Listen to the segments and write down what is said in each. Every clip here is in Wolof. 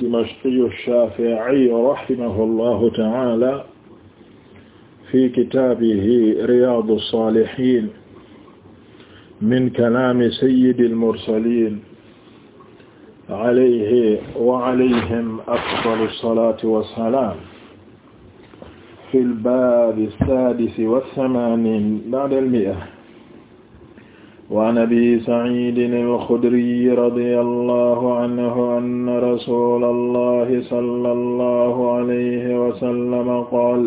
ad-Dimashqiyu ash-Shafi'i rahimahullahu ta'ala fi kitaabihi Riyaadu as-Saalihiin min kalaami sayyidil mursaliin alayhi wa alayhim afdalu salaati wa salaam fil baabi as-saadisi wa thamaaniin ba'da al-mi'a waan abi saciidin alxudriy radia allahu aanhu anna rasula allahi sala allahu alayhi wasallama qaal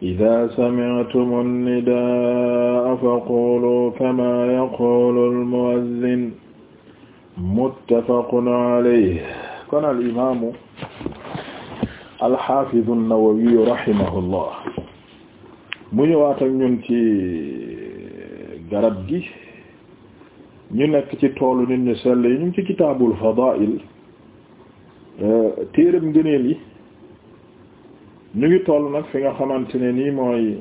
ida samictumu nnidaa faquluu kamaa yaquulu almuwazzin muttafaqun alayhi kon alimamu alxafidu nnawawiyu rahimahu llah mu ñëwaat ak ñun ci garab gi ñu nekk ci toolu nit ñu sell yi ñu ngi kitaabul fadaa'il téeram ngëneel yi ñu ngi toll nag fi nga xamante ne nii mooy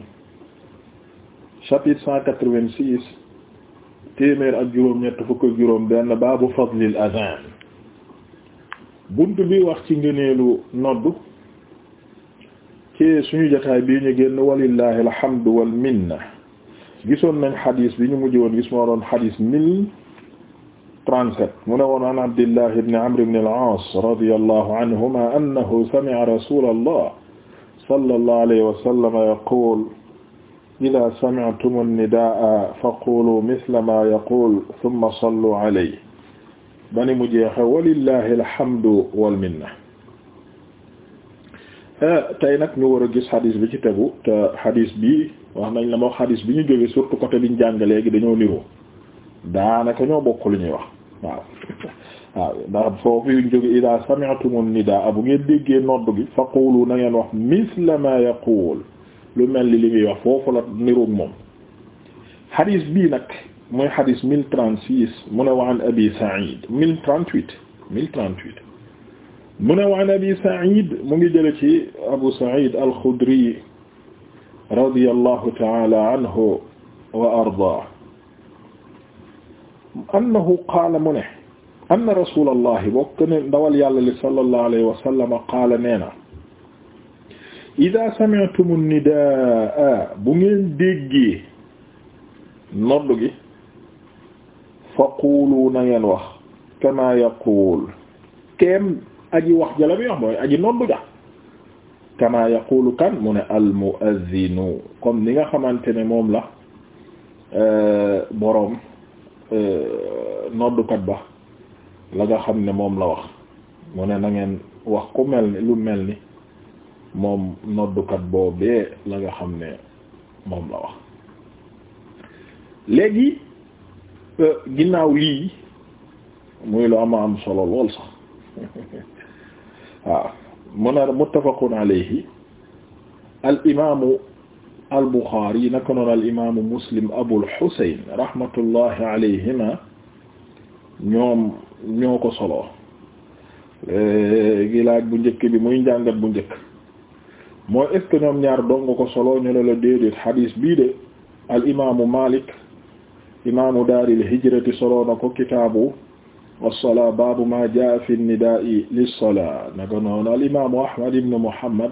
chapitre cent quatre-vingt-six téeméer ak juróom ñett fukk ak juróom benn baabu fadlil azan bunt bi wax ci ngëneelu noddu ci suñu jotaay bii ñu génn walillahi alhamdu wal minna gisoon nañ xadis bi ñu mujj woon gis moo doon xadis mille trente-sept mu ne woon an Abdillah ibn Amr ibn al-Aas radiyallahu anhuma annahu sami'a rasulallah sallallahu alayhi wa sallam yaqul ida sami'tum an-nidaa faqulu mithla ma yaqul thumma sallu alayhi bani mu jeexe walillahi alhamdu wal minna eh, tey nag ñu war a gis xadis bi ci tegu te xadis bi wax nañ la moo xadis bi ñu jógee surtout côté biñ jàng léegi dañoo niroo daanaka ñoo bokk lu ñuy wax waaw waaw ndax foofu yuñ jóge ida sami'tumu nidaa bu ngeen déggee nodd gi faqulu na ngeen wax misla ma yaqul lu mel ni li muy wax foofu la niroog moom xadis bii nag mooy xadis mille trente six mu ne wa an abi sa'id mille trente huit mu ngi jële ci abu sa'id al radiyallahu ta'ala anhu wa ardaah annahu qaala mu ne anna rasulallahi bokk ne ndawal yàlla li sallallahu alayhi wa sallam qaala nee na ida sami'tum an-nidaa bu ngeen déggee nodd gi faquulu na ngeen wax kama yaquul keem aji wax jala mi wax mooy aji nodd ja kama yaqulu kan mu ne al muazzinu comme ni nga xamante ne moom la euh, boroom euh, noddukat ba la nga xam ne moom la wax mu ne na ngeen wax ku mel ni lu mel ni moom noddukat boobee la nga xam ne moom la wax léegi euh, ginnaaw lii muy lu ama am solo lool sax waaw mu ne muttafaqun alayhi al imaamu al buxaari naka noonu al muslim abul xusayn rahmatullahi alayhima ñoo ko solo gilaaj bu njëkk bi muy njàngat bu njëkk mooy est ñoom ñaar dong ko solo ñu ne la déedéet xadiis bii de Maalik imaamu daaril hijrati solo na ko kitaabu. wassalaa baabu maa jaa fi nidaa'i lissalaa naka noonu alimaamu ahmad ibn muhammad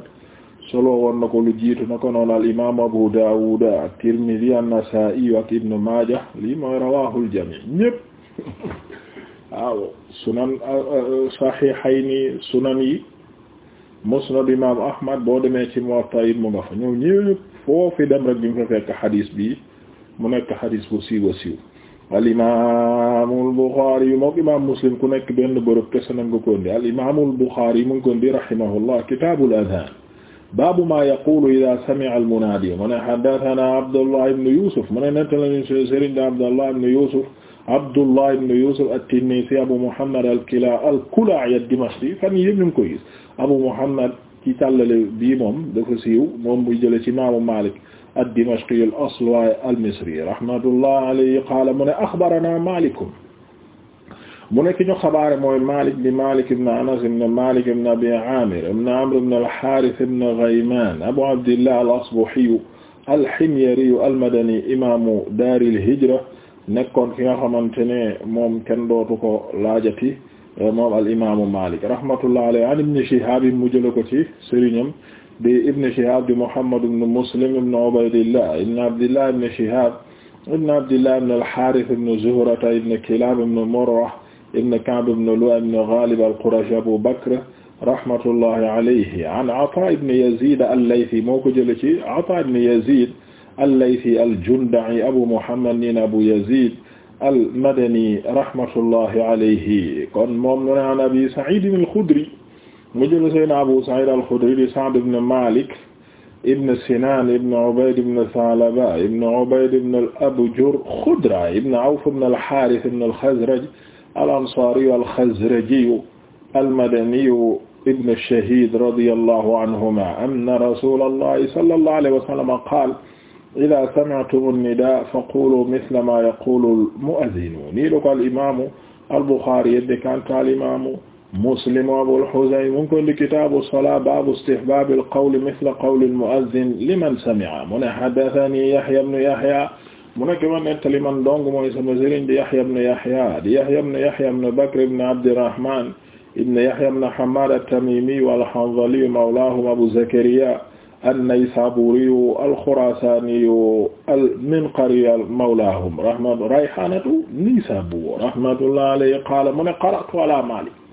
solo woon na ko lu jiitu naka noonu alimaamu abu daawud at-tirmidhi an-nasaa'i ak ibn maaja lii mooy rawaahul jamii ñépp waaw sunan saxiixayni sunan yi musnad imaam ahmad boo demee ci muwatta it mu nga fa ñëw ñëpp foofi dem rek bi mu fa fekk bi mu nekk xadiis bu siiw a siiw al imaamul Buxaari yi mook imaam Muslim ku nekk benn bërëb kese na nga ko ndi al imaamul Buxaari yi mu ngi ko ndi rahimahullah kitaabul azaan baabu maa yaquulu idaa sami'a al munaadi mu ne haddathanaa Abdullah ibn Yuusuf mu ne netta lañu sëriñ da Abdullah ibn Yuusuf Abdullah ibn Yuusuf at-Tinnisi Abu Muhammad al-Kilaa al-Kulaa'i ad-Dimashqi fan yii yëpp ñu ngi koy gis Abu Muhammad ci tallale bii moom dafa siiw moom muy jëlee ci maamu Maalik ad-Dimashqi al-asl wa al-Misri rahmatullah alayhi qaala mu ne axbarana Maalikum mu ne ki ñu xabaare mooy Maalik bi Maalik ibn Anas ibn Maalik ibn Abi Aamir ibn Amr ibn al-Haarith ibn Ghaymaan Abu Abdillah al-Asbahi al-Himyari al-Madani imaamu daaril hijra nekkoon ki nga xamante ne moom kenn dootu ko laajati moom al imaamu Maalik rahmatullah alayhi an Ibn Shihaab mu jël ko ci sëriñam di ibn Shihab di Muhammad ibn Muslim ibn Ubaydillah ibn Abdillah ibn Shihab ibn Abdillah ibn al-Harith ibn Zuhra ibn Kilab ibn Murrah ibn Ka'b ibn Lu'ay ibn Ghalib al-Qurashi Abu Bakr rahmatullahi alayhi an Ata ibn Yazid al-Laythi moo ko jëlee ci Ata ibn Yazid al-Laythi al-Junda'i Abu Muhammad nin Abu Yazid al-Madani rahmatullahi alayhi kon moom la an Abi Sa'id al-Khudri mu jël sayna Abu Sa'id al-Khudri di Sa'd ibn Malik ibn Sinan ibn Ubayd ibn Thalaba ibn Ubayd ibn al-Abjar Khudra ibn Awf ibn al-Harith ibn al-Khazraj al-Ansari al-Khazraji al-Madani ibn ash-Shahid radiyallahu anhuma anna rasulallahi sallallahu alayhi wa sallam qala ida sami'tumu an-nidaa faqulu mithla ma yaqulu al-mu'adhdhin nii la ko al-imaamu al-Bukhari yedde kanta al-imaamu Muslim Abul Husayn mu ngi ko indi kitaabu salaa baabu istihbaabil qawli misla qawlil mu'azzin liman sami'a mu ne haddathanii Yahya ibn Yahya mu nekk ma nettali man dong mooy sama sëriñ di Yahya ibn Yahya di Yahya ibn Yahya ibn Bakr ibn Abdirrahmaan ibn Yahya ibn Hammaad at-Tamiimi wal-Hanzali mawlaahum Abu Zakariyaa an-Naysaabuuri al-Khuraasaani al-Minqari mawlaahum rahmatu rayhaanatu Naysaabuur rahmatullahi alayhi qaala mu ne qara'tu alaa Maalik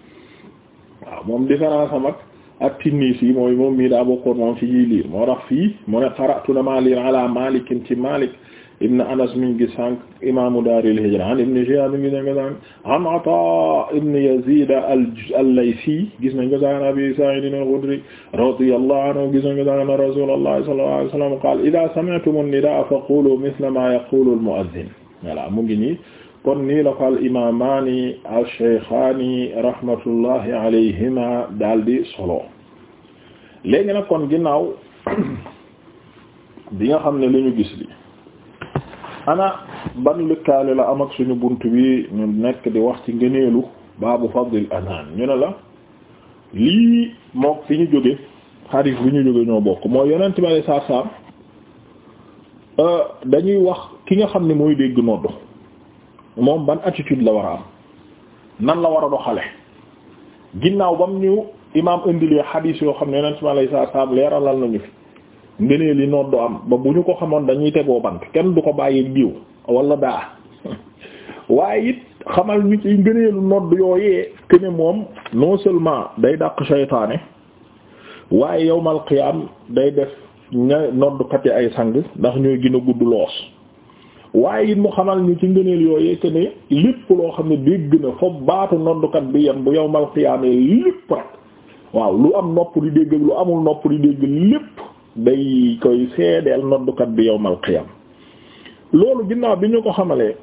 waaw moom différence am ak ak Tinnisi mooy moom mii daa bokkoon moom ci ñuy liir moo tax fii mu ne qara'tu na maa liir ala Malikin ci Malik ibn Anas mi ngi sànq imaamu daaril hijra an ibn Shihab mi ngi nañ ko sànq an Ata ibn Yazid al-Laythi gis nañ ko sànq Abi Sa'id al-Khudri radiyallahu anhu gis nañ ko sànq Rasulullah sallallahu alayhi wa sallam qaala idha sami'tumu an-nidaa' faqulu mithla ma yaqulu al-mu'adhdhin voilà mu ngi nii kon nii la ko al imaamaani al sheykhaani rahmatullahi alayhima daldi solo léegi nag kon ginnaaw bi nga xam ne li ñu gis li ana ban lëkkaale la am ak suñu bunt bi ñu nekk di wax ci ngëneelu baabu fadlil adaan ñu ne la lii mook fi ñu jóge xarit bi ñu jóge ñoo bokk mooy yonent bi alayhi salaam euh, dañuy wax ki nga xam ne mooy dégg noddu moom ban attitude la war a am nan la war a doxale ginnaaw bam ñu imaam indilee xadiis yoo xam ne yonent bi alayhi salaatu salaam leeralal nañu fi ngënee li noon do am ba bu ñu ko xamoon dañuy tegoo bant kenn du ko bàyyi biiw wala daa waaye it xamal ñu ci ngëneelu nodd yooyee que ne moom non seulement day dàq seytaane waaye yowmal qiyaam day def ña noddkat yi ay sang ndax ñooy gën a gudd loos waaye it mu xamal ñu ci ngëneel yooyee que ne lépp loo xam ne dégg na fa baatu noddukat bi yem bu yowmal xiyaamee lépp rek waaw lu am nopp di dégg lu amul nopp di dégg lépp day koy seedeel noddukat bi yowmal xiyaam loolu ginnaaw bi ñu ko xamalee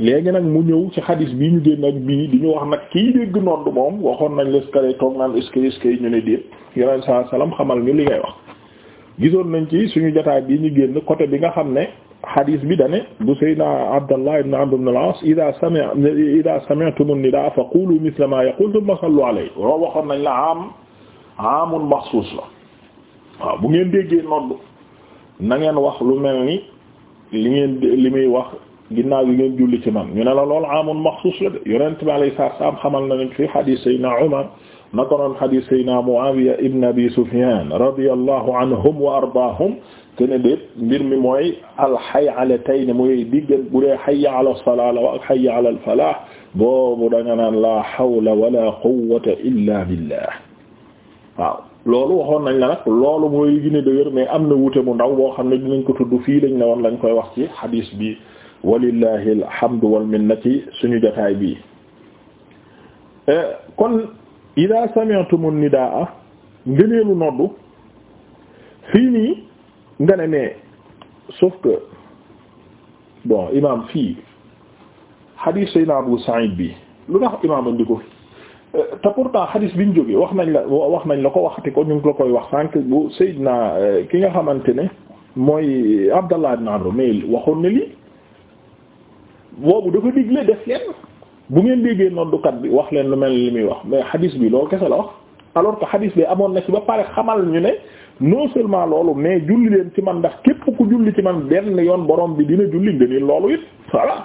léegi nag mu ñëw ci xadis bii ñu génn ak bii di ñu wax nag kiy dégg nodd moom waxoon nañ leskale toog naan eskay eskay ñu ne déet yeneen saa salaam xamal ñu li ngay wax gisoon nañ ci suñu jotaay bii ñu génn côté bi nga xam ne xadis bi dane bu saydna abdallah ibn amr ibn al-aas ida sami'a ida sami'tum an-nidaa fa qulu mithla ma yaqul thumma sallu alayhi loolu waxoon nañ la am amun maxsuus la waaw bu ngeen déggee nodd na ngeen wax lu mel ni li ngeen li muy wax ginnaaw yi ngeen julli ci man ñu ne la lool amun maxsuus la de yonent bi alayhi salaam xamal na nañ fi xadis saydna umar naka noon hadis sayna Muawiya ibn abi Sufyan radiyallahu anhum wa ardaahum kene déet mbir mi mooy xay alxayalatayn muy diggan bu dee hayya ala salaa la wa ak hayya ala alfalah boobu da nga naan la hawla wala quwwata illa billah waaw loolu waxoon nañ la nag loolu mooy gën a dëgër mais am na wuute mu ndaw boo xam ne dinañ ko tudd fii lañ ne woon lañ koy wax ci hadis bi walillahi alhamdu wal minna ci suñu jotaay bii eh, kon ida sami'tumu nidaa ngëneelu noddu fii nii nga ne mais sauf que bon imam fii hadith sayna Sa'id bi lu tax imam andi ko te pourtant hadith biñ jógee wax nañ la wax nañ la ko waxati ko ñu ngi la koy wax sànq bu Seydina eh, ki nga xamante ne mooy Abdallah ibn Amr mais waxoon na lii boobu dafa digle def leen bu ngeen déggee noddukat bi wax leen lu mel li muy wax mais xadis bi loolu kese la wax alors que xadis bi amoon na ci ba pare xamal ñu ne non seulement loolu mais julli leen ci man ndax képp ku julli ci man benn yoon borom bi dina julli nga ni loolu it voilà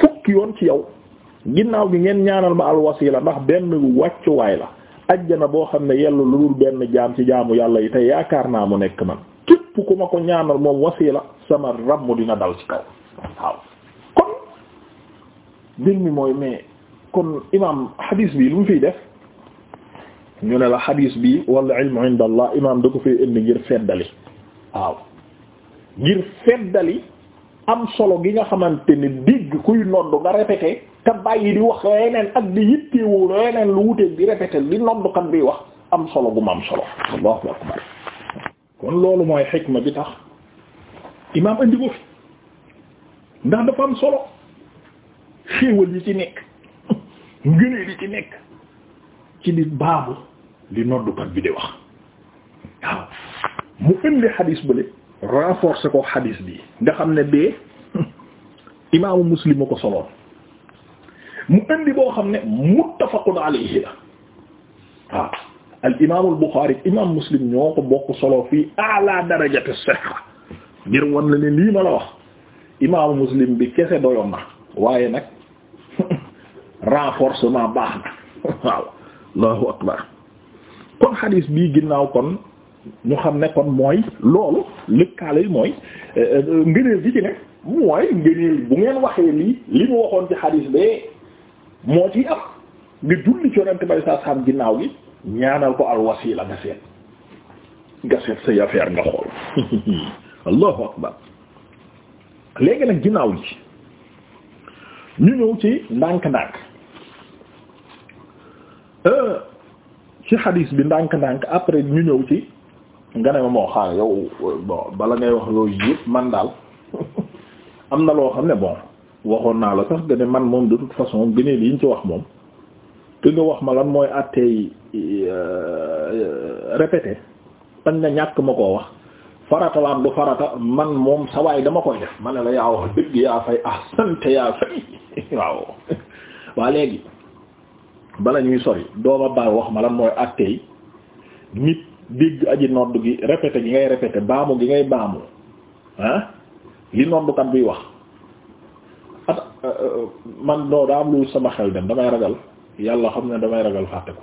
fukki yoon ci yow ginnaaw bi ngeen ñaanal ma alwasila ndax benn wàccuwaay la ajjana boo xam ne yellu lu dul benn jaam ci jaamu yàlla yi te yaakaar naa mu nekk man képp ku ma ko ñaanal moom wasila sama ramm dina dal ci mbir mi mooy mais kon imam hadis bi lu mu fiy def ñu ne la hadis bii wala ilmu inda allah imam da ko fay indi ngir feddali waaw ngir feddali am solo gi nga xamante ni digg kuy nodd nga répété te bàyyi di wax yeneen ak di yitteewoo yeneen lu wuteeg di répété li noddkat bi wax am solo gu ma am solo allahu akbar kon loolu mooy xikma bi tax imam indi ko fi ndax dafa am solo xéewal yi ci nekk ngëneel yi ci nekk ci di baabu li noddukat bi di wax waaw mu indi xadiis bële renforcer ko xadiis bi nga xam ne bee imaamu muslim a ko soloon mu indi boo xam ne muttafaqun alayhi la waaw al imaamul buxaari imaam muslim ñoo ko bokk solo fii ala darajati sihha ngir wan la ne lii ma la wax imaamu muslim bi kese doyoon na waaye nag renforcement baax na waaw allahu akbar kon xadiis bii ginnaaw kon ñu xam ne kon mooy loolu lëkkaale yi mooy eh, eh, ngëneel gi ci ne mooy ngëneel bu ngeen waxee lii li mu waxoon ci xadiis bee moo ciy am nga julli ci bay saa saam ginnaaw gi ñaanal ko al wasila nga say affaire nga xool allahu akbar léegi nag ginnaaw li ñu ñëw ci ndànk-ndànk euh, ci xadiis bi ndànk-ndànk après ñu ñëw ci nga ne ma moo xaar yow bon bala ngay wax yooyu yëpp man daal am na loo xam ne bon waxoon naa la sax gëne man moom de toute façon gënee li ñu ci wax moom te nga wax ma lan mooy àtteey euh, répété tan nga ñàkk ma koo wax farata la du farata man moom sawaay dama koy def ma la yaa wax dëgg yaa fay ahsante yaa fay waaw waa léegi bala ñuy sori dooma baal wax ma lan mooy attey nit dégg aji nodd gi répété gi ngay répété baamu gi ngay baamu ah li noddukat biy wax euh, euh, man doo daa am lu sama xel dem damay ragal yàlla xam ne damay ragal fàtte ko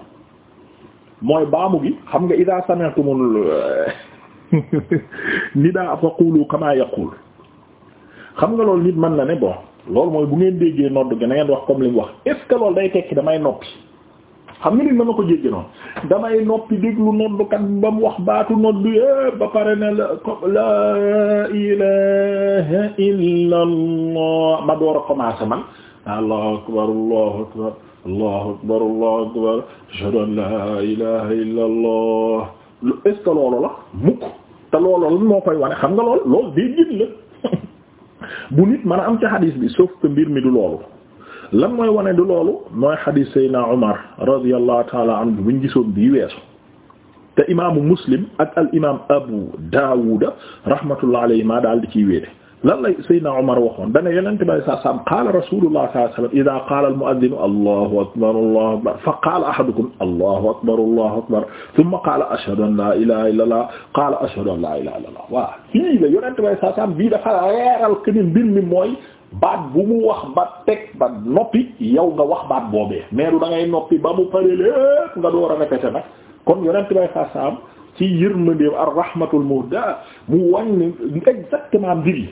mooy baamu gi xam nga ida sami'tumul euh, nidaa faqulu kama yaqul xam nga loolu nit mën na ne bon loolu mooy bu ngeen déggee nodd gi na wax comme li mu wax est ce que day tekki damay noppi xam nga nit mën na ko jéggi noonu damay noppi déglu noddkat ba mu wax baatu nodd yépp ba pare na la la ilaha ma door a commencé man allahu akbar allahu akbar allahu akbar allahu akbar ashhadu an la ilaha illa allah est ce que loolu la mukk te loolu lan moo koy wane xam nga lool loolu day gis la bu nit mën a am ci xadis bi sauf que mbir mi du loolu lan mooy wane du loolu mooy xadis Seydina Omar radiyallahu taala anhu buñ gisoon bii weesu te imaamu muslim ak al imaam Abu Daawuda rahmatullah alayhi maa daal di ciy wéete lan la Seydina Omar waxoon dana yonent bi saa saam qaala rasuulullah sallallahu alayhi wa sallam idaa qaala al-mu'adhdhinu allahu akbar allahu akbar fa qaala ahadukum allahu akbar allahu akbar thumma qaala ashhadu an laa ilaaha illallah qaala ashhadu an laa ilaaha illallah waaw kii la yonent bi saa saam bii dafa reeral que ni mbir mi mooy baat bu mu wax ba teg ba noppi yow nga wax baat boobee mais du da ngay noppi ba mu pare lépp nga door a répété nag kon yonent bi saa saam ci yërmandeem ar-rahmatul muhda mu wàññi exactement mbir yi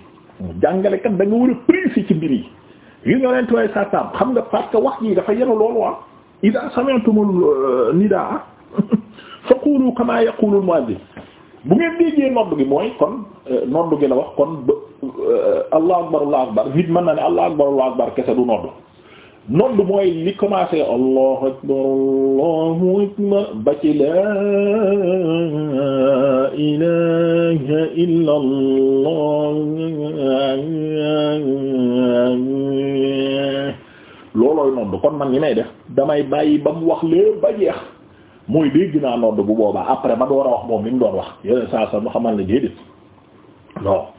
jàngalekat da nga war a précis ci mbir yi yu nga leen tuway saasaam xam nga parce que wax ji dafa yenu loolu waa ah. ida sami'tumul euh, nidaa faqulu kama yaqulu al-mu'adhdhin bu ngeen déggee nodd gi mooy euh, wax kon ba euh, allah akbar allah akbar nit mën na ne allah akbar allah akbar kese du nodd nodd mooy li commencé allahu akbar allahu akbar ba ci laa ilaha illa allah loolooy nodd kon man ni may def damay bàyyi ba mu wax lépp ba jeex mooy dégg naa nodd bu boobaa après ma door a wax moom li mu doon wax yeneen saa sa mu xamal ne déedéet non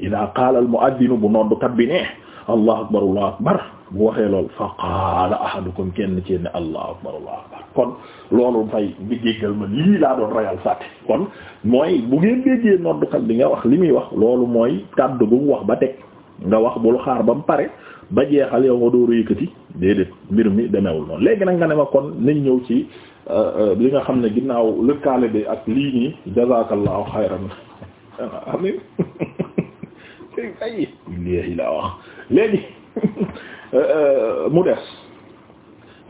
ida qaala al muaddinu bu noddkat bi ne allahu akbar allahu akbar bu waxee lool fa qaala ahadukum kenn ci ne allahu akbar allahu akbar kon loolu fay bi jéggal ma lii laa doon rayal fàtte kon mooy bu ngeen déggee noddukat bi nga wax li muy wax loolu mooy kàddu bu mu wax ba teg nga wax bul xaar ba mu pare ba jeexal yow nga dooru yëkkati déedéet mbir mi demewul noonu léegi nag nga ne ma kon nañ ñëw ci euh, euh, li nga xam ne ginnaaw lëkkaale bi ak lii nii jazakallahu xayran amin ay léegi laa wax léegi Euh, euh, mu des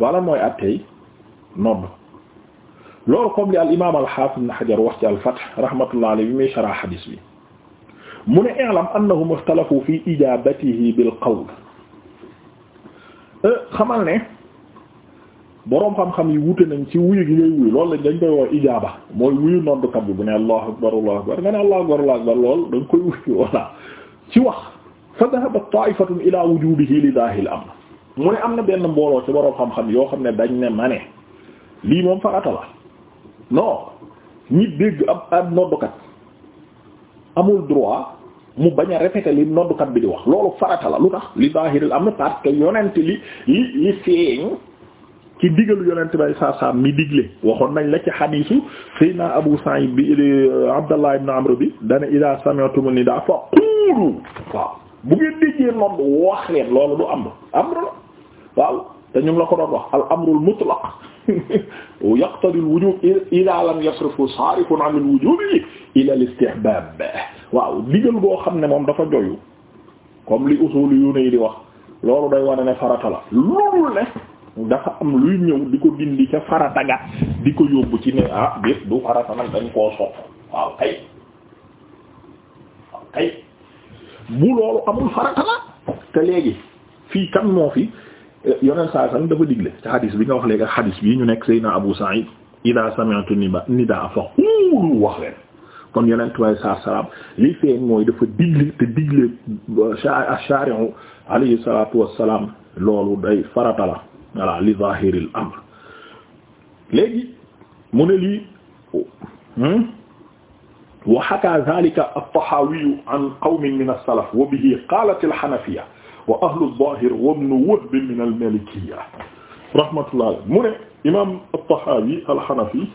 wala mooy attey nodd loolu comme li al imam al hafiz ibn wax ci al fath rahmatullah alayhi bi muy shara hadis bi mu ne i'lam annahum ikhtalafu fi ijabatihi bil qawl euh, xamal ne boroom xam-xam yi wute nañ ci wuyu gi ngay wuyu loolu lañ dañ koy wax ijaaba mooy wuyu noddukat bi bu ne allahu akbar allahu akbar nga ne allahu akbar allahu akbar lool dañ koy wuyu walla ci wax fa dhahabat ta'ifatun ila wujubihi li daahil amr mu ne am na benn mbooloo ci boroom xam-xam yoo xam ne dañ ne ma ne lii moom farata la non ñi dégg ab noddukat amul droit mu bañ a répéter li noddukat bi di wax loolu farata la lu tax li daahiril amr parce que yonent li li li feeñ ci digalu yonent bay saa saa mi digle waxoon nañ la ci xadiisu Seydina Abu Sa'id bi euh, Abdallah ibn Amr bi dana ida sami'tum nida fa quulu bu ngeen déggee nodd wax leen loolu du amru amru la waaw te ñu la ko doon wax al amrul mutlaq yaqtadi al wujub ila lam yasrifu sarifun an al wujubi ila al istihbab waaw digal boo xam ne moom dafa joyu comme li usulu yu ne di wax loolu day wane ne farata la loolu ne dafa am luy ñëw di ko dindi ca farata ga di ko yóbbu ci ne ah biir du farata nag dañ koo sopp waaw kay bu loolu amul farata te léegi fii kan moo fi yoneen saa sallam dafa digle ci xadis bi nga wax léegi ak xadis bii ñu nekk Seydina Abu Sa'id ida sami'tu niba nidaa fa quulu wax leen kon yonent way saa salaam li feeñ mooy dafa digle te digle euh, ash-shari'u alayhi salatu wassalam loolu day farata la li zahiril amr léegi mu ne lii hmm? wa haka dhalika at-Tahawi an qawmin min as-salaf wa bihi qalat al-Hanafiyya wa ahlu adh-Dhahir wa ibn Wahb min al-Malikiyya rahmatullah mu ne imam at-Tahawi al-Hanafi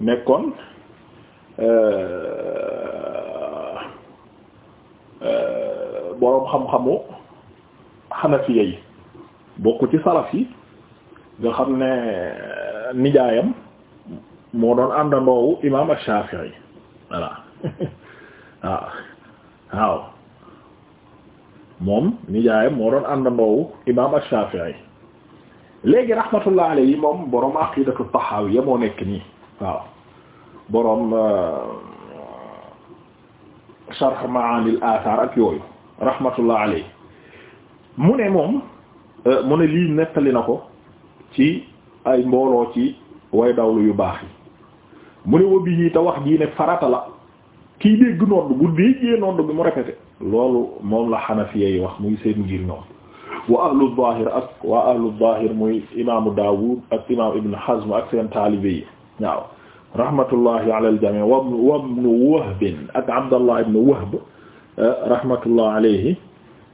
nekkoon euh, euh, boroom xam-xamu Hanafiya yi bokk ci salaf yi nga xam ne nijaayam moo doon àndandoowu imaam Shaafi'i voilà waaw ah. waaw moom nijaayam moo doon àndandoowu imaam Shaafi'i léegi rahmatullah alayhi moom borom aqidatu Tahawiyya moo nekk nii waaw borom uh, sharh ma'aanil aasaar ak yooyu rahmatullah alayhi mu ne moom uh, mu ne lii nettali na ko ci ay mbooloo ci way dawlu yu baax yi mu ne wobbi yi te wax jii ne farata la kii dégg nodd bu déggee nodd bi mu répété loolu moom la xanafiya yi wax muy seen ngir ñoom wa ahlu zahir ak waa ahlu zahir muy imaamu Daawud ak imaam Ibn Hazm ak seen taalibe yi waaw rahmatullahi ala aljami wa ibn Wahb ak Abdallah ibn Wahb eh, rahmatullah alayhi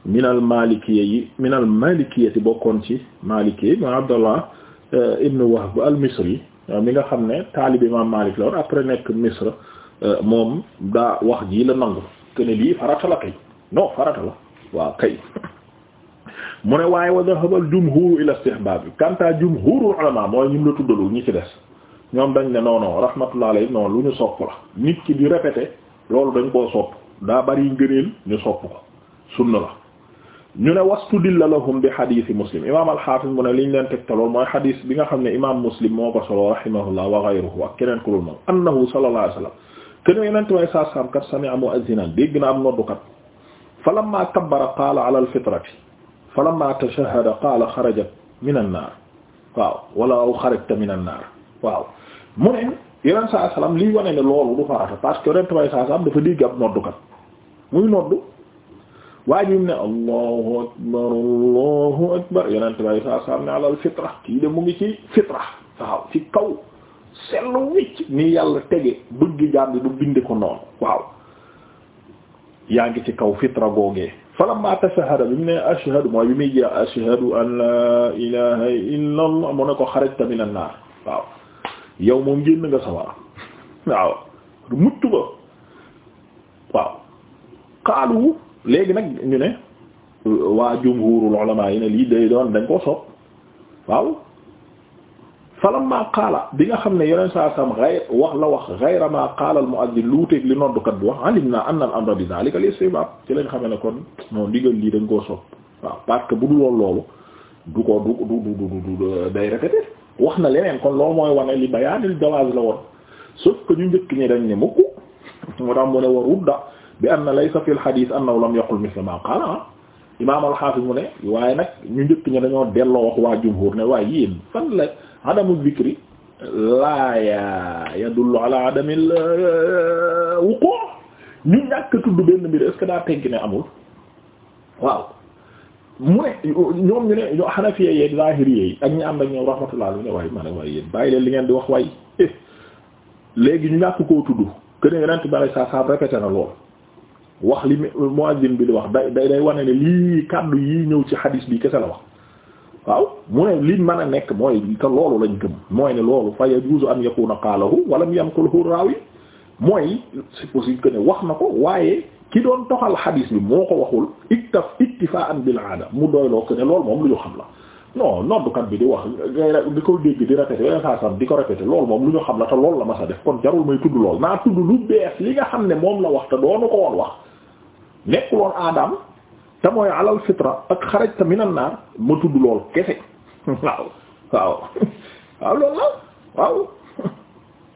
min al malikiyya yi min al malikiyyati bokkoon ci malikiya yi mooy Abdallah eh, ibn Wahb al-Misri Euh, mi nga xam ne taalib imam Malik la woon après nekk Misra euh, moom daa wax jii la nangu te ne lii farata la kay non farata la waaw kay mu ne waaye wa dahabal jumhuru ila istihbab bi kanta jumhurul ulama mooy ñun la tuddalul ñi ci des ñoom dañ ne non non rahmatullah alayhi lu ñu sopp la nit ki di répéter loolu dañ koo sopp daa bari ngëneel ñu sopp ko sunna la ñu ne wastudilla lahum bi xadiisi muslim imaam alxaafis mu ne li ñu leen tegtalool mooy xadis bi nga xam ne imaam muslim moo ko solo rahimahullah wa ghayruhu ak keneen ku dul moom annahu sallallahu alayhi wa sallam keneen yenente may saa saam kat sami'a mu'azzinan dégg na am noddukat falamma kabbara qaala ala alfitrati falamma tashahhada qaala xarajat min annaar waaw wala aw xarajta min annaar waaw mu ne yeneen saa salam liy wane ne loolu du farata parce que yenente may saa saam dafa dégg ab noddukat muy noddu waa ji ne allahu akbar allahu akbar yonente bay saa saam ne alal fitra kii de mu ngi ci fitra waaw ci kaw setlu wicc ni yàlla tege bëgg jàmbi bu binde ko noonu waaw yaa ngi ci kaw fitra googee falamma tashahada bi mu ne ashhadu mooy bi muy jee ashhadu an la ilaha illa allah mu ne ko xarajta min an naar waaw yow moom génn nga sawara waaw mucc ba waaw qaalu léegi nag ñu ne waa jumhurul ulama yi ne lii day doon dañ koo sopp waaw falamma qaala bi nga xam ne yoneen saa sam xayr wax la wax xayra ma qaala al lu luuteeg li noddukat bi wax alimna anna al amra bi dhalika li istihbab ci lañ xam ne kon non ndigal lii dañ koo sopp waaw parce que bu dul woon loolu du ko du du du du day répété wax na leneen kon loolu mooy wane li bayaanil jawaaz la woon sauf que ñu njëkk ñi dañ ne mukk moo tax mu ne wa rudda bi anna laysa fil hadith annahu lam yaqul misla ma qala imaam al-Hafiz mu ne waaye nag ñu njëkk ñi dañoo delloo wax waa jumhur ne waaye yéen fan la adamu zikri laaya yadullu ala adamil euh, wuqu ñu ñàkk tudd benn mbir est-ce ñu ne xanafiye ak ñu ànd ak ñoom rahmatullah alayhi ne waaye ma ne waaye yéen bàyyi leen li ngeen di wax waay eh, léegi ñu ñàkk koo tudd que ne yonent bi sallallahu alayhi na lool wax li muazzin bi di wax day day day wane ne lii kàddu yii ñëw ci xadiis bi kese la wax waaw mu ne li man a nekk mooy te loolu lañ gëm mooy ne loolu fa yajuzu an yakuna qaalahu walam yanqulhu raawi mooy c'est possible que ne wax na ko waaye ki doon toxal xadiis bi moo ko waxul iktaf ittifaan bil aada mu doyloo ko ne loolu moom lu ñu xam la non noddukat bi di wax di ko dégg di répété yoneen saa sam di ko répété loolu moom lu ñu xam la te loolu la ma sa def kon jarul may tudd lool naa tudd lu bees li nga xam ne moom la wax te doonu ko woon wax nekkul woon aadaam te mooy alal fitra ak xarajta minan naar ma tudd lool kese waaw waaw waaw loolu la waaw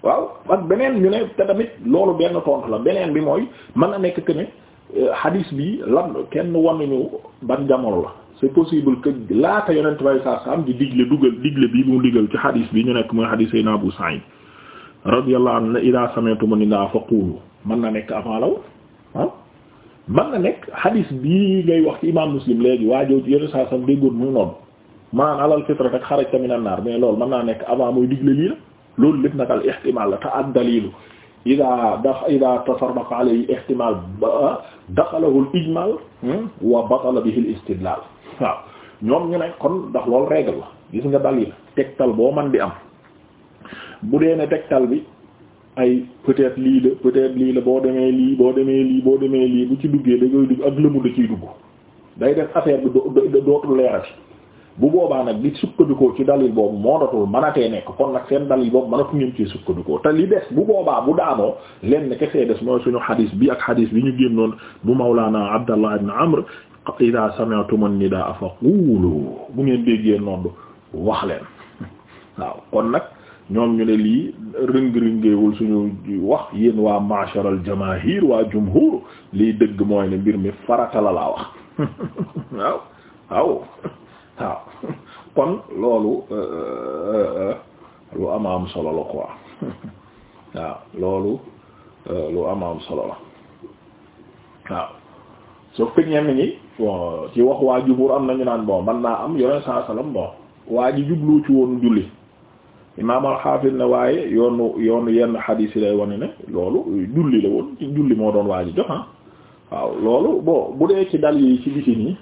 waaw ak beneen ñu ne te tamit loolu benn tontu la beneen bi mooy mën na nekk que ne euh, hadis bi lan kenn wanuñu ban jamono la c'est possible que laata yonent bay saa di digle dugal digle bi mu digal ci hadis bi ñu nekk mooy hadis Seydina Abu Sa'id radiyallahu anhu idaa sami'tum nidaa fa quulu mën na nekk avant law man na nekk hadis bii ngay wax ci imam muslim léegi waajoo ci yenn saa sam déggoon muy noonu maanaam alal fitra ak xaraj tamit na naar mais loolu mën naa nekk avant muy digle lii la loolu lépp nag al ihtimal la te ak dalilu ida da ida tafarraqa alayhi ihtimal daxalahul ijmal hmm, wa batala bihi al istidlal waaw ñoom ñu ne kon ndax loolu gis nga dalil tegtal boo man di am bu dee ne tegtal bi ay peut lii la peut lii la boo demee lii boo demee lii boo demee lii bu ci duggee da koy dugg ak lëmu da ciy dugg day def affaire bi dootul leerati bu boobaa nag di sukkandikoo ci dalil boobu moo datul mënatee nekk kon nag seen dalil boobu mënatu ngeen ci sukkandikoo te li des bu boobaa bu daanoo lenn kese des mooy suñu xadis bi ak xadis bi ñu génnoon bu Mawlaana Abdallah ibn Amr ida sami'tumu nidaa fa quulu bu ngeen déggee nodd wax leen waaw ñoom ñu ne lii rëng-rëngeewul suñu wax yéen waa masharal jamaahir waa jumhur lii dëgg mooy ne mbir mi farata la laa wax waaw waaw kon loolu euh, euh, euh, lu ama am solo la quoi waaw loolu lu ama am solo la waaw sauf bon ci wax waa jumhur am nañu naan bon man naa am yoneen saa sallam bon waa jublu ci woon julli imaam al-Hafiz ne waaye yoonu yoonu yenn xadiis yi lay wane ne loolu julli la woon ci julli moo doon waaji jox ah waaw loolu bon bu dee ci dal yi ci biti nii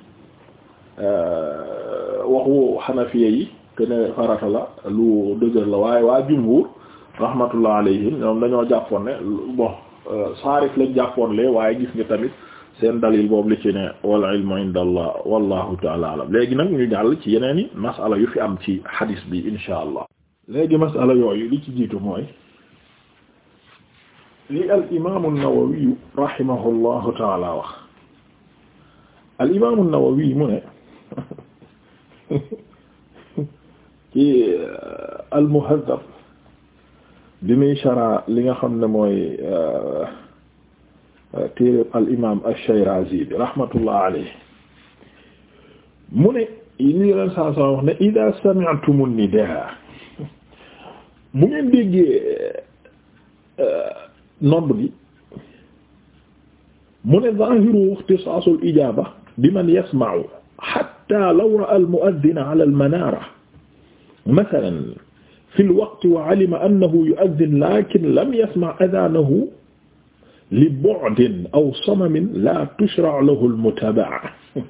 euh, waxu xanafiya yi que ne farata la lu dëgër la waaye waa jumhur rahmatullah alayhim ñoom dañoo jàppoon ne bo euh, saarif lañ jàppoon lee waaye gis nga tamit seen dalil boobu li ci ne wal ilmu inda allah wallahu taala alam léegi nag ñu jàll ci yeneen i masala yu fi am ci xadiis bi insha allah léegi masala yooyu li ci jiitu mooy li al imaamu nawawiyu rahimahullahu taala wax al imaamu nawawi mu ne ci uh, al muhaddab bi muy shara li nga xam ne mooy uh, uh, téere al imaam ash-Shirazi bi rahmatullah alayhi mu ne li leen saa saa wax ne idaa sami'tumu nidaa bu ngeen déggee euh, nodd bi mu ne zahiru ixtisaasul ijaaba bi man yasma'u hatta law ra'a al mu'addin ala al manara mathalan fi al waqti wa alima annahu yu'addin lakin lam yasma' adhanahu li bu'din aw samamin la tushra'u lahu al mutaba'a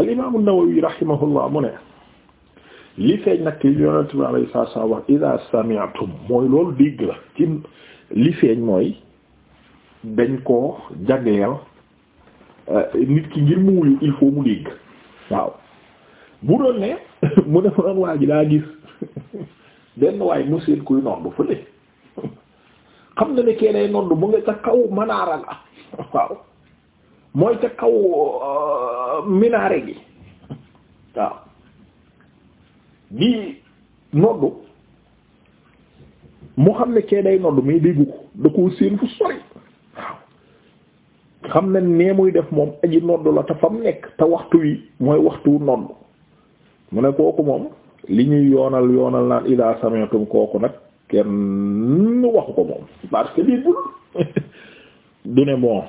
al imam an-Nawawi rahimahullah mu ne li feeñ nag li yonent bi alayhi salaatu salaam wax ida sami'tum mooy loolu dégg la ci li feeñ mooy dañ koo jagleel euh, nit ki ngir mu wuyu il faut mu dégg waaw bu doon ne mu def doon waa ji daa gis benn waay mu seen kuy noddu fële xam na ne keenee noddu mu nga ca kaw manaara la waaw mooy ca kaw euh, minaare gi waaw di noddu mu xam ne kee day noddu mais déggu ko da koo séen fu sori waaw xam ne nee muy def moom aji noddu la te fam nekk te waxtu wi mooy waxtu noddu mu ne kooku moom li ñuy yoonal yoonal naan ila sami'tum kooku nag kenn waxu ko moom parce que lii bul du ne bon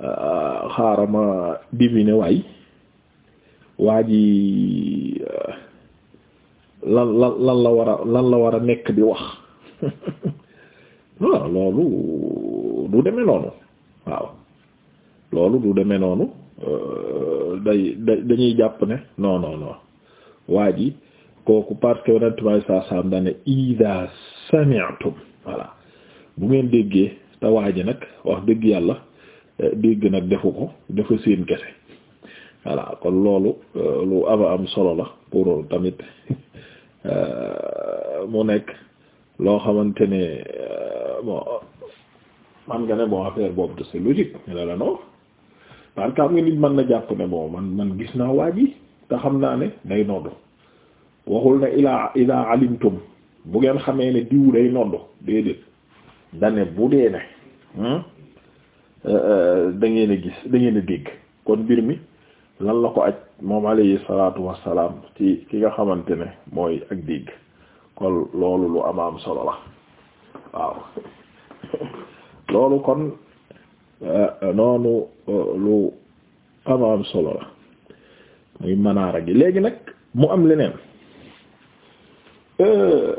euh, xaarama divine waa ji uh, lan lan la war a lan la war a nekk di wax loolu du demee noonu waaw loolu du demee noonu euh, day dañuy jàpp ne non non waa ji kooku parce que yonent bi saa saam daan ne a sami'tum voilà bu ngeen déggee te waa ji nag wax dëgg yàlla eh, dégg nag defu ko dafa seen kese. voilà kon loolu euh, lu aba am solo la pour tamit euh, mu nekk loo xamante ne euh, bon man nga ne bon affaire boobu de c'est logique ne la la parce que am nga nit mën na jàpp ne bon man man gis naa waa ji te xam naa ne day noddu waxul ne ilaa ilaa alimtum bu ngeen xamee ne diw day noddu déedéet dane bu dee ne hmm, da ngeen gis da ngeen dégg kon mbir mi lan la ko ak moom alayhi salaatu wassalaam ci ki nga xamante ne mooy ak dégg kon loolu lu ama am solo la waaw loolu kon euh, noonu euh, lu ama am solo la muy manaara gi léegi nag mu am leneen euh,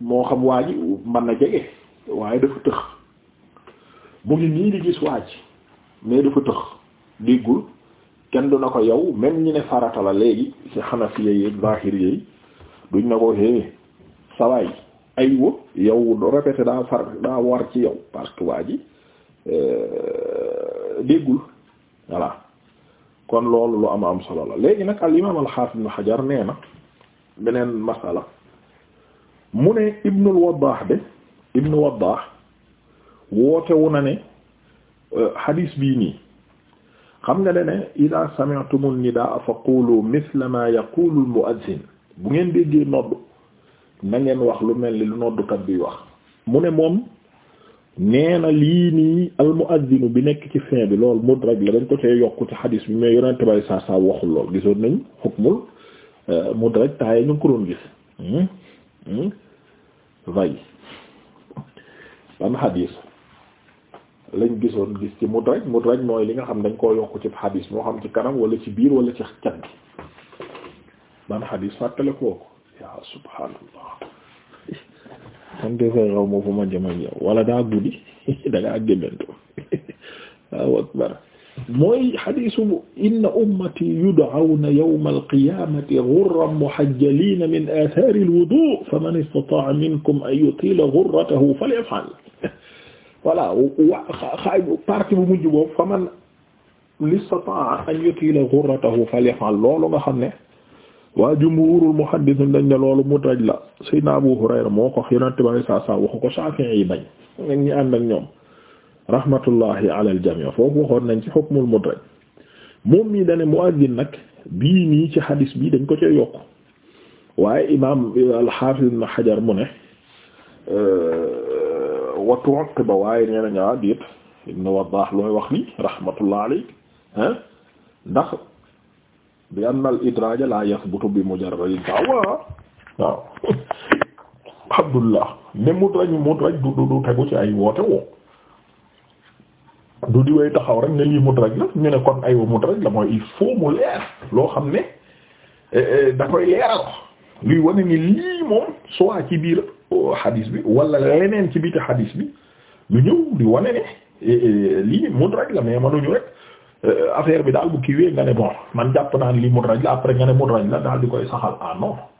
moo xam waa ji na jege waaye dafa tëx mu ngi nii di gis waa ji mais dafa tëx déggul kenn du na ko yow même ñi ne farata la léegi ci xanafiya yi zahir yi duñ na ko hé sawaay ay wo yow répété daa far daa war ci yow parce que waa ji euh, déggul voilà kon loolu lu am am solo la léegi nag al imaam al xaafis xajar nee na beneen masala mu ne ibnul waddaax de ibnu waddaax wootewu na ne xadiis euh, bii nii xam nga ne ne ida sami'tumu nidaa fa qulu mithla ma yaqulu al bu ngeen déggee nodd na ngeen wax lu mel ni lu noddukat bi wax mu ne moom nee na lii nii al mu'adhdhin bi nekk ci fin bi lool mudraj la dañ ko tee yokku ci xadiis bi mais yonente bay saa saa waxul lool gisoon nañ xukmul euh, mudraj taaye ñu ko doon gis hmm? Hmm? vay ban xadiis lañ gisoon gis ci mudraj mudraj mooy li nga xam dañ koo yokk ci xadis moo xam ci kanam wala ci biir wala ci cat gi ban xadis fàttale kooku yaa subhaanallah man de fay xaw ma fu ma jëma yow wala daa guddi da ngaa gémmantu waaw akbar mooy xadisu inna ummati yud'awna yawma alqiyamati ghurran muhajjalina min athari alwudu faman istata'a minkum an yutila ghurratahu falyaf'al voilà wa xaaj partie bu mujj boobu fa man listata'a an yutila ghurratahu falyafal loolu nga xam ne waa jumhurul muhaddisin dañ ne loolu mudraj la Seydina Abu Hurayra moo ko yonente bi alei saa waxu ko Shafi'i yi bañ nag ñi ànd ak ñoom rahmatullahi ala al foofu waxoon nañ ci hukmul mudraj moom mii dane muazzin nag bii nii ci hadis bi dañ ko cee yokk waaye imam al-Hafiz Ibn Hajar mu ne euh, wa tu'qiba waaye nee nañu ah déet Ibn Wadah looy wax ni rahmatullah alayh ah ndax bi anna al idraj la yathbutu bi mujarrad dawa waaw Abdullah ne mudraj mudraj du du tegu ci ay woote woo du di way taxaw rek ne lii mudraj la ñu ne kon ay mudraj la mooy il leer loo xam ne eh, eh, da koy leeral luy wane ni lii moom soit ci biir. xadis bi wala leneen ci biti xadis bi lu ñëw di wane ne eh, eh, lii mudraj la mais manuñu rek eh, affaire bi daal bu kiiwee nga ne bon man jàpp naa ne lii mudraj la après nga ne mudraj la daal di koy saxal ah non